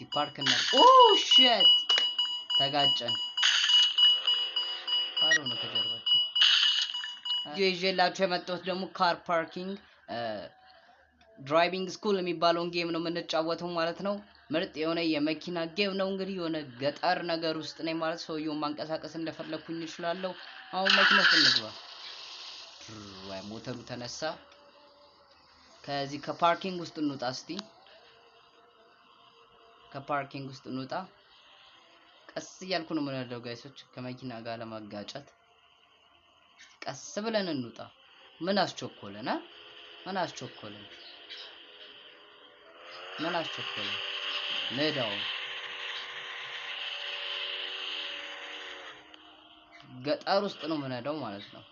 እስቲ ፓርክ እና ኦ oh, ሼት ተጋጨን። ባዶ ነው ከጀርባችን። ይዤላችሁ የመጣሁት ደግሞ ካር ፓርኪንግ ድራይቪንግ ስኩል የሚባለውን ጌም ነው የምንጫወተው ማለት ነው። ምርጥ የሆነ የመኪና ጌም ነው። እንግዲህ የሆነ ገጠር ነገር ውስጥ ነኝ ማለት ሰውየውን ማንቀሳቀስ እንደፈለኩኝ እችላለሁ። አሁን መኪና ውስጥ እንግባ። ሞተሩ ተነሳ። ከዚህ ከፓርኪንግ ውስጥ እንውጣ እስቲ። ከፓርኪንግ ውስጥ እንውጣ። ቀስ እያልኩ ነው የምነዳው ጋይሶች፣ ከመኪና ጋር ለማጋጨት ቀስ ብለን እንውጣ። ምን አስቸኮለን? ምን አስቸኮለን? ምን አስቸኮለን? ንዳው ገጠር ውስጥ ነው የምነዳው ማለት ነው።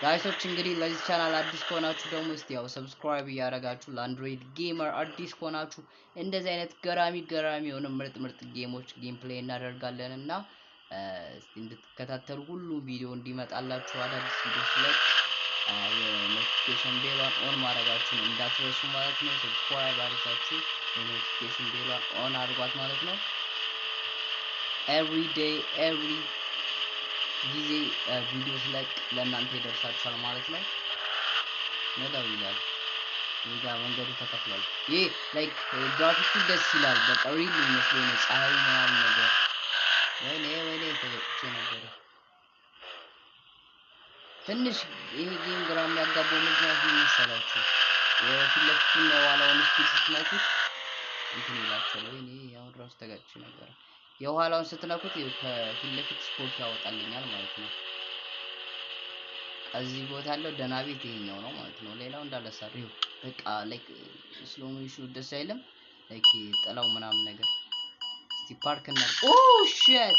ጋይሶች እንግዲህ ለዚህ ቻናል አዲስ ከሆናችሁ ደግሞ እስቲ ያው ሰብስክራይብ እያደረጋችሁ ለአንድሮይድ ጌመር አዲስ ከሆናችሁ እንደዚህ አይነት ገራሚ ገራሚ የሆነ ምርጥ ምርጥ ጌሞች ጌም ፕሌይ እናደርጋለን እና እስቲ እንድትከታተሉ ሁሉ ቪዲዮ እንዲመጣላችሁ አዳዲስ ቪዲዮ ስለቅ የኖቲፊኬሽን ቤሏን ኦን ማድረጋችሁን እንዳትረሱ ማለት ነው። ሰብስክራይብ አድርጋችሁ የኖቲፊኬሽን ቤሏን ኦን አድርጓት ማለት ነው። ኤቭሪ ዴይ ኤቭሪ ጊዜ ቪዲዮ ስለቅ ለእናንተ ይደርሳችኋል ማለት ነው። ነዳው ይላል እዚህ መንገዱ ተከፍሏል። ይሄ ላይክ ግራፊክሱ ደስ ይላል። በቃ ሪል የሚመስለው ነው። ፀሐይ ምናምን ነገር ወይኔ ወይኔ ተበቅቼ ነበረ። ትንሽ ይሄ ጌም ግራ የሚያጋባው ምክንያት ምን መሰላችሁ? የፊት ለፊቱን የኋላውን ስፒድ ስትመቱት እንትን ይላቸዋል። ወይኔ ያሁን ራሱ ተጋጭ ነበረ። የኋላውን ስትነኩት ከፊት ለፊት ስፖርት ያወጣልኛል ማለት ነው። እዚህ ቦታ ያለው ደህና ቤት ይሄኛው ነው ማለት ነው። ሌላው እንዳለሳዱ በቃ ላይክ ስሎ ሞሽኑ ደስ አይልም። ላይክ ጥላው ምናምን ነገር እስቲ ፓርክ እና ኦ ሺት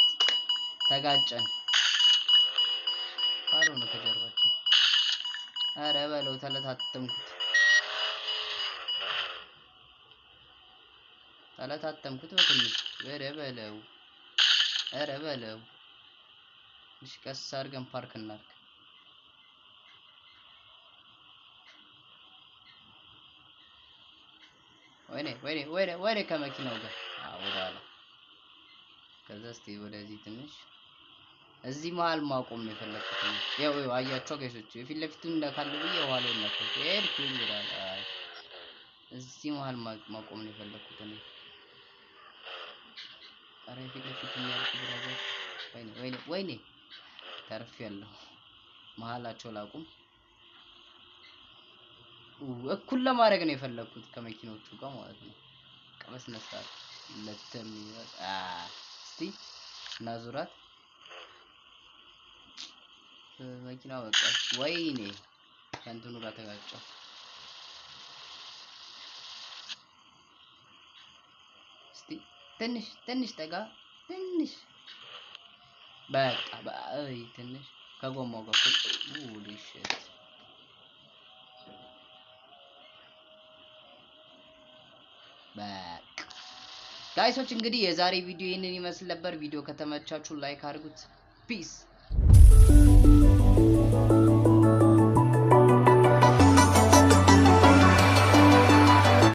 ተጋጨን። ባዶ ነው ከጀርባችን። አረ በለው ተለታተምኩት። ታላታተምኩት በትንሽ ኧረ በለው ኧረ በለው። እሺ ቀስ አድርገን ፓርክ እናድርግ። ወይኔ ወይኔ ወይኔ ወይኔ ከመኪናው ጋር ወደኋላ። ከዛ እስቲ ወደዚህ ትንሽ እዚህ መሀል ማቆም ነው የፈለኩት። ያው ያው አያቸው ጋይሶች፣ የፊት ለፊቱን እንዳካለ ብዬ የኋላ ይናከው ይሄድ ኩኝ ይላል። እዚህ መሀል ማቆም ነው የፈለኩት እኔ ኧረ ፊት ለፊት የሚያልፍ ብራዘር፣ ወይኔ ወይኔ ወይኔ፣ ተርፌያለሁ። መሀላቸው ላቁም። እኩል ለማድረግ ነው የፈለግኩት ከመኪኖቹ ጋር ማለት ነው። በስነ ስርዓት ለተም እስቲ እናዙራት። መኪና በቃ ወይኔ ከእንትኑ ጋር ተጋጨው። እስቲ ትንሽ ትንሽ ጠጋ ትንሽ በቃ በአይ ትንሽ ከጎማው በኩል ውልሽት በቃ ጋይሶች እንግዲህ የዛሬ ቪዲዮ ይህንን ይመስል ነበር። ቪዲዮ ከተመቻችሁ ላይክ አድርጉት። ፒስ